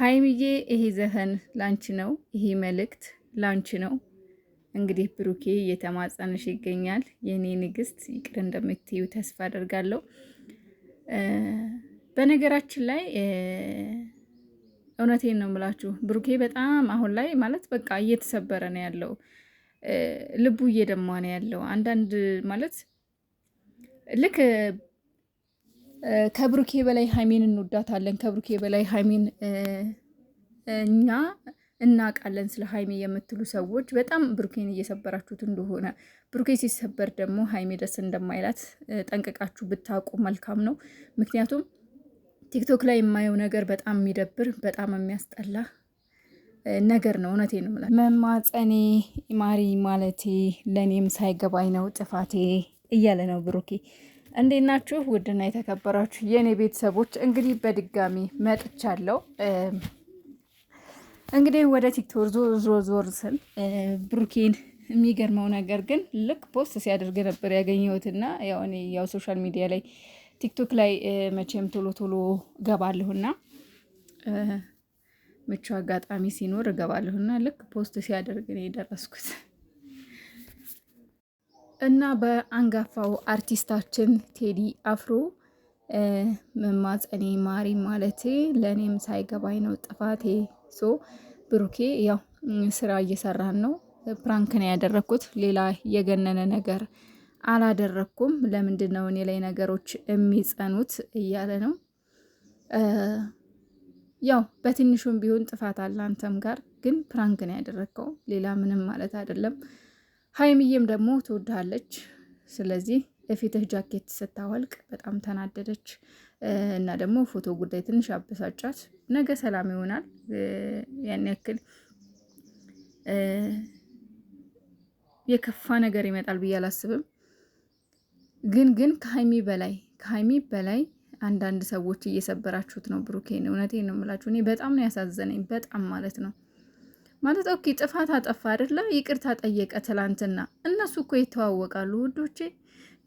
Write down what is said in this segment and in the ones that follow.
ሀይሚዬ ይሄ ዘፈን ላንቺ ነው፣ ይሄ መልእክት ላንቺ ነው። እንግዲህ ብሩኬ እየተማጸነሽ ይገኛል። የእኔ ንግስት ይቅር እንደምትዩ ተስፋ አደርጋለሁ። በነገራችን ላይ እውነቴን ነው የምላችሁ ብሩኬ በጣም አሁን ላይ ማለት በቃ እየተሰበረ ነው ያለው፣ ልቡ እየደማ ነው ያለው። አንዳንድ ማለት ልክ ከብሩኬ በላይ ሀይሜን እንወዳታለን። ከብሩኬ በላይ ሀይሜን እኛ እናውቃለን። ስለ ሀይሜ የምትሉ ሰዎች በጣም ብሩኬን እየሰበራችሁት እንደሆነ ብሩኬ ሲሰበር ደግሞ ሀይሜ ደስ እንደማይላት ጠንቅቃችሁ ብታውቁ መልካም ነው። ምክንያቱም ቲክቶክ ላይ የማየው ነገር በጣም የሚደብር በጣም የሚያስጠላ ነገር ነው። እውነቴ ነው። መማፀኔ ማሪ ማለቴ ለእኔም ሳይገባኝ ነው ጥፋቴ እያለ ነው ብሩኬ እንዴት ናችሁ? ውድና የተከበራችሁ የእኔ ቤተሰቦች እንግዲህ በድጋሚ መጥቻለሁ። እንግዲህ ወደ ቲክቶክ ዞር ዞር ስል ብሩኬን የሚገርመው ነገር ግን ልክ ፖስት ሲያደርግ ነበር ያገኘሁትና ያው እኔ ያው ሶሻል ሚዲያ ላይ ቲክቶክ ላይ መቼም ቶሎ ቶሎ እገባለሁና ምቹ አጋጣሚ ሲኖር እገባለሁና ልክ ፖስት ሲያደርግ ነው የደረስኩት። እና በአንጋፋው አርቲስታችን ቴዲ አፍሮ መማፀኔ ማሪ ማለቴ ለእኔም ሳይገባኝ ነው ጥፋቴ። ሶ ብሩኬ ያው ስራ እየሰራን ነው። ፕራንክ ነው ያደረግኩት። ሌላ የገነነ ነገር አላደረግኩም። ለምንድን ነው እኔ ላይ ነገሮች የሚጸኑት እያለ ነው። ያው በትንሹም ቢሆን ጥፋት አለ አንተም ጋር ግን ፕራንክ ነው ያደረግከው። ሌላ ምንም ማለት አይደለም። ሀይሚዬም ደግሞ ትወድሃለች። ስለዚህ ለፊትህ ጃኬት ስታወልቅ በጣም ተናደደች እና ደግሞ ፎቶ ጉዳይ ትንሽ አበሳጫት። ነገ ሰላም ይሆናል። ያን ያክል የከፋ ነገር ይመጣል ብዬ አላስብም። ግን ግን ከሀይሚ በላይ ከሀይሚ በላይ አንዳንድ ሰዎች እየሰበራችሁት ነው ብሩኬን። እውነቴን ነው የምላችሁ። እኔ በጣም ነው ያሳዘነኝ፣ በጣም ማለት ነው። ማለት ኦኬ ጥፋት አጠፋ አይደለ? ይቅርታ ጠየቀ ትላንትና። እነሱ እኮ ይተዋወቃሉ ውዶቼ፣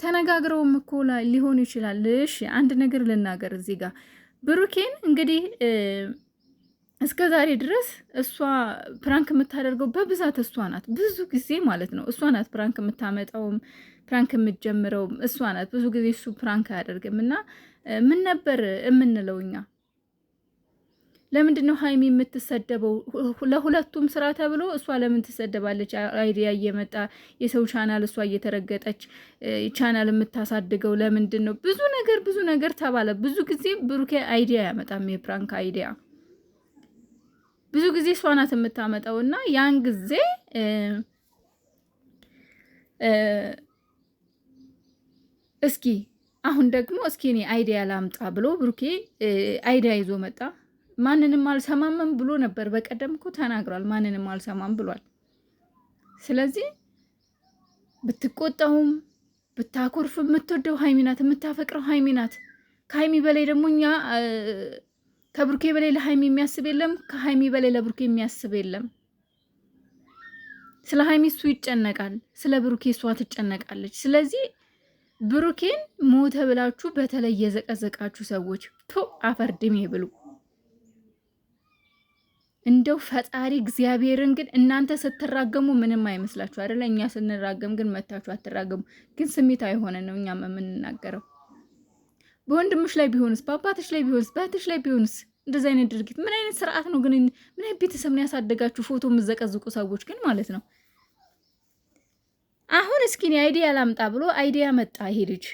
ተነጋግረውም እኮ ሊሆን ይችላል። እሺ አንድ ነገር ልናገር እዚህ ጋር ብሩኬን እንግዲህ እስከ ዛሬ ድረስ እሷ ፕራንክ የምታደርገው በብዛት እሷ ናት። ብዙ ጊዜ ማለት ነው እሷ ናት ፕራንክ የምታመጣውም ፕራንክ የምትጀምረውም እሷ ናት። ብዙ ጊዜ እሱ ፕራንክ አያደርግም እና ምን ነበር የምንለው እኛ ለምንድን ነው ሀይሚ የምትሰደበው? ለሁለቱም ስራ ተብሎ እሷ ለምን ትሰደባለች? አይዲያ እየመጣ የሰው ቻናል እሷ እየተረገጠች ቻናል የምታሳድገው ለምንድን ነው? ብዙ ነገር ብዙ ነገር ተባለ። ብዙ ጊዜ ብሩኬ አይዲያ ያመጣም የፕራንክ አይዲያ ብዙ ጊዜ እሷ ናት የምታመጣው እና ያን ጊዜ እስኪ አሁን ደግሞ እስኪ እኔ አይዲያ ላምጣ ብሎ ብሩኬ አይዲያ ይዞ መጣ። ማንንም አልሰማምም ብሎ ነበር። በቀደም እኮ ተናግሯል። ማንንም አልሰማም ብሏል። ስለዚህ ብትቆጣውም ብታኮርፍ የምትወደው ሀይሚ ናት፣ የምታፈቅረው ሀይሚ ናት። ከሀይሚ በላይ ደግሞ እኛ ከብሩኬ በላይ ለሀይሚ የሚያስብ የለም፣ ከሀይሚ በላይ ለብሩኬ የሚያስብ የለም። ስለ ሀይሚ እሱ ይጨነቃል፣ ስለ ብሩኬ እሷ ትጨነቃለች። ስለዚህ ብሩኬን ሞተ ብላችሁ በተለይ የዘቀዘቃችሁ ሰዎች ቶ አፈርድሜ ብሉ። እንደው ፈጣሪ እግዚአብሔርን ግን እናንተ ስትራገሙ ምንም አይመስላችሁ አይደለ? እኛ ስንራገም ግን መታችሁ አትራገሙ። ግን ስሜት አይሆነ ነው እኛም የምንናገረው። በወንድምሽ ላይ ቢሆንስ፣ በአባትሽ ላይ ቢሆንስ፣ በእህትሽ ላይ ቢሆንስ እንደዚህ አይነት ድርጊት ምን አይነት ስርዓት ነው ግን? ምን አይነት ቤተሰብ ነው ያሳደጋችሁ? ፎቶ የምዘቀዝቁ ሰዎች ግን ማለት ነው። አሁን እስኪ አይዲያ ላምጣ ብሎ አይዲያ መጣ ይሄ ልጅ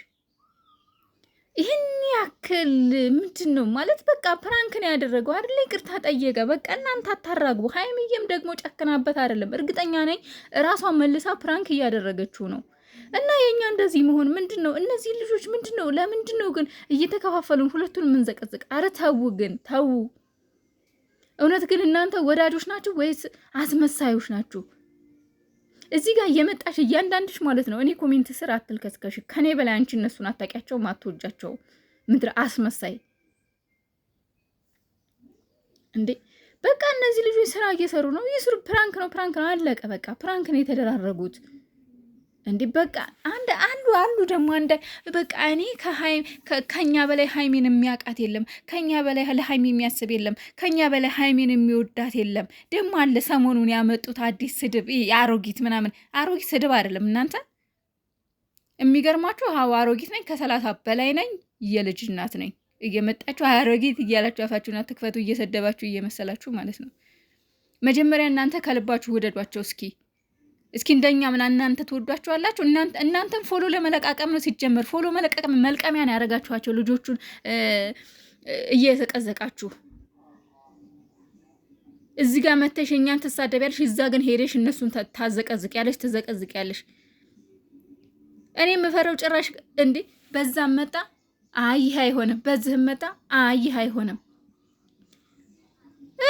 ይህን ያክል ምንድን ነው ማለት በቃ ፕራንክ ነው ያደረገው አይደለ? ይቅርታ ጠየቀ። በቃ እናንተ አታራግቡ። ሀይምዬም ደግሞ ጨክናበት አይደለም፣ እርግጠኛ ነኝ እራሷን መልሳ ፕራንክ እያደረገችው ነው። እና የእኛ እንደዚህ መሆን ምንድን ነው? እነዚህ ልጆች ምንድን ነው? ለምንድን ነው ግን እየተከፋፈሉን ሁለቱን ምንዘቀዝቅ? አረ ተዉ ግን ተዉ። እውነት ግን እናንተ ወዳጆች ናችሁ ወይስ አስመሳዮች ናችሁ? እዚህ ጋር የመጣሽ እያንዳንድሽ ማለት ነው እኔ ኮሜንት ስር አትልከስከሽ። ከኔ በላይ አንቺ እነሱን አታውቂያቸውም፣ ማትወጃቸው ምድር አስመሳይ እንዴ! በቃ እነዚህ ልጆች ስራ እየሰሩ ነው። ስሩ፣ ፕራንክ ነው፣ ፕራንክ ነው፣ አለቀ በቃ። ፕራንክ ነው፣ ፕራንክ ነው፣ አለቀ። በቃ ፕራንክ ነው የተደራረጉት። እንዲህ በቃ አንድ አንዱ አንዱ ደግሞ አንድ በቃ እኔ ከኛ በላይ ሀይሜን የሚያውቃት የለም። ከኛ በላይ ለሀይሜ የሚያስብ የለም። ከኛ በላይ ሀይሜን የሚወዳት የለም። ደግሞ አለ ሰሞኑን ያመጡት አዲስ ስድብ አሮጊት ምናምን አሮጊት ስድብ አይደለም እናንተ የሚገርማችሁ ሀው አሮጊት ነኝ ከሰላሳ በላይ ነኝ የልጅ እናት ነኝ እየመጣችሁ አሮጊት እያላችሁ አፋችሁን አትክፈቱ እየሰደባችሁ እየመሰላችሁ ማለት ነው። መጀመሪያ እናንተ ከልባችሁ ውደዷቸው እስኪ። እስኪ እንደኛ ምን እናንተ ትወዷቸዋላችሁ? እናንተም ፎሎ ለመለቃቀም ነው ሲጀመር። ፎሎ መለቃቀም መልቀሚያን ያደረጋችኋቸው ልጆቹን እየተቀዘቃችሁ እዚህ ጋር መተሽ እኛን ትሳደቢያለሽ፣ እዛ ግን ሄደሽ እነሱን ታዘቀዝቅ ያለሽ ትዘቀዝቅ ያለሽ። እኔ የምፈረው ጭራሽ እንዴ በዛም መጣ አይህ አይሆንም፣ በዚህም መጣ አይህ አይሆንም።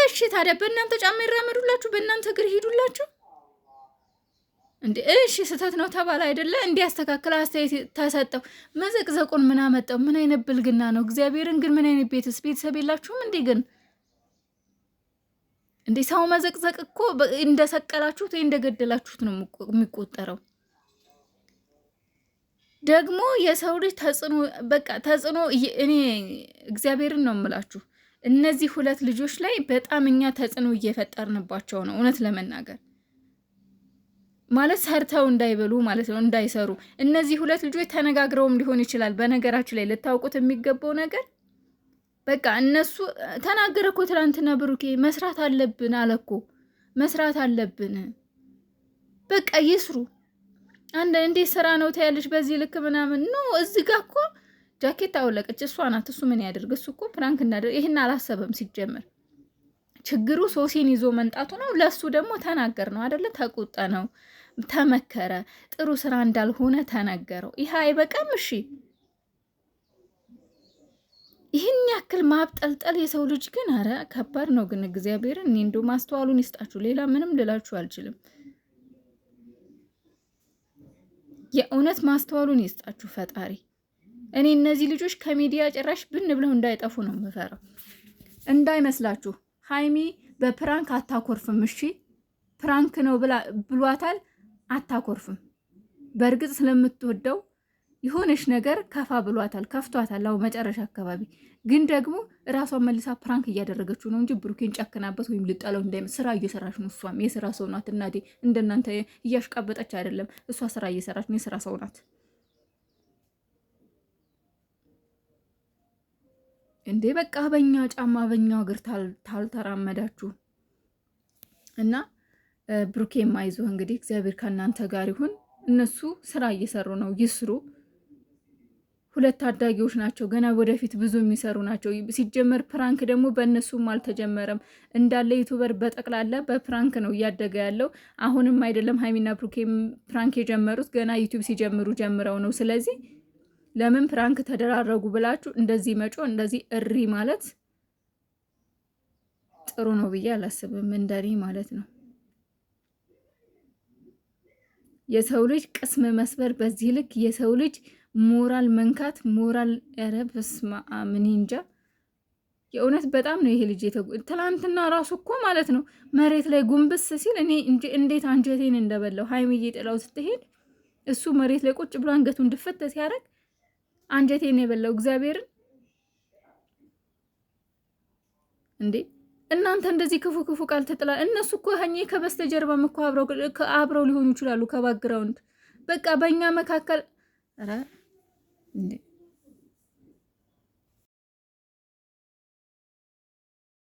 እሺ ታዲያ በእናንተ ጫማ ይራመዱላችሁ፣ በእናንተ እግር ሂዱላችሁ። እንዴ እሺ ስህተት ነው ተባለ አይደለ? እንዲያስተካክል አስተያየት ተሰጠው። መዘቅዘቁን ምን አመጣው? ምን አይነት ብልግና ነው? እግዚአብሔርን ግን ምን አይነት ቤትስ ቤተሰብ የላችሁም እንዴ? ግን እንዴ ሰው መዘቅዘቅ እኮ እንደሰቀላችሁት ወይ እንደገደላችሁት ነው የሚቆጠረው። ደግሞ የሰው ልጅ ተጽዕኖ በቃ ተጽዕኖ እኔ እግዚአብሔርን ነው የምላችሁ እነዚህ ሁለት ልጆች ላይ በጣም እኛ ተጽዕኖ እየፈጠርንባቸው ነው እውነት ለመናገር ማለት ሰርተው እንዳይበሉ ማለት ነው፣ እንዳይሰሩ እነዚህ ሁለት ልጆች ተነጋግረውም ሊሆን ይችላል። በነገራችሁ ላይ ልታውቁት የሚገባው ነገር በቃ እነሱ ተናገረ እኮ ትናንትና፣ ብሩኬ መስራት አለብን አለ እኮ መስራት አለብን፣ በቃ ይስሩ። አንድ እንዴት ስራ ነው ታያለች በዚህ ልክ ምናምን ኖ እዚህ ጋ እኮ ጃኬት አወለቀች እሷ ናት። እሱ ምን ያደርግ እሱ እኮ ፕራንክ እናደርግ ይህን አላሰበም ሲጀምር ችግሩ ሶሲን ይዞ መምጣቱ ነው። ለሱ ደግሞ ተናገር ነው አደለ? ተቆጣ ነው ተመከረ፣ ጥሩ ስራ እንዳልሆነ ተነገረው። ይህ አይበቃም? እሺ ይህን ያክል ማብጠልጠል የሰው ልጅ ግን አረ ከባድ ነው። ግን እግዚአብሔር እኔ እንዶ ማስተዋሉን ይስጣችሁ። ሌላ ምንም ልላችሁ አልችልም። የእውነት ማስተዋሉን ይስጣችሁ ፈጣሪ። እኔ እነዚህ ልጆች ከሚዲያ ጭራሽ ብን ብለው እንዳይጠፉ ነው የምፈራው። እንዳይመስላችሁ ሀይሚ በፕራንክ አታኮርፍም። እሺ ፕራንክ ነው ብሏታል፣ አታኮርፍም። በእርግጥ ስለምትወደው የሆነች ነገር ከፋ ብሏታል፣ ከፍቷታል። አሁን መጨረሻ አካባቢ ግን ደግሞ እራሷን መልሳ ፕራንክ እያደረገችው ነው እንጂ ብሩኬን ጨክናበት ወይም ልጠለው እንዳይመ ስራ እየሰራች ነው። እሷም የስራ ሰው ናት። እናዴ እንደናንተ እያሽቃበጠች አይደለም። እሷ ስራ እየሰራች ነው። የስራ ሰው ናት። እንዴ በቃ በኛ ጫማ በኛ እግር ታልተራመዳችሁ እና ብሩኬ ማይዞ እንግዲህ እግዚአብሔር ከእናንተ ጋር ይሁን። እነሱ ስራ እየሰሩ ነው፣ ይስሩ። ሁለት ታዳጊዎች ናቸው፣ ገና ወደፊት ብዙ የሚሰሩ ናቸው። ሲጀመር ፕራንክ ደግሞ በእነሱም አልተጀመረም እንዳለ ዩቱበር በጠቅላላ በፕራንክ ነው እያደገ ያለው። አሁንም አይደለም ሀይሚና ብሩኬ ፕራንክ የጀመሩት ገና ዩቱብ ሲጀምሩ ጀምረው ነው። ስለዚህ ለምን ፕራንክ ተደራረጉ ብላችሁ እንደዚህ መጮ እንደዚህ እሪ ማለት ጥሩ ነው ብዬ አላስብም። እንደኔ ማለት ነው። የሰው ልጅ ቅስም መስበር በዚህ ልክ የሰው ልጅ ሞራል መንካት ሞራል ኧረ በስመ እንጃ። የእውነት በጣም ነው ይሄ ልጅ ትላንትና ራሱ እኮ ማለት ነው መሬት ላይ ጉንብስ ሲል እኔ እንዴት አንጀቴን እንደበላው። ሀይሚዬ ጥላው ስትሄድ እሱ መሬት ላይ ቁጭ ብሎ አንገቱን ድፈት ሲያደርግ አንጀቴን የበላው እግዚአብሔርን እንዴ እናንተ እንደዚህ ክፉ ክፉ ቃል ተጥላ እነሱ እኮ ሀኜ ከበስተጀርባም እኮ አብረው ሊሆኑ ይችላሉ። ከባግራውንድ በቃ በእኛ መካከል ኧረ እንዴ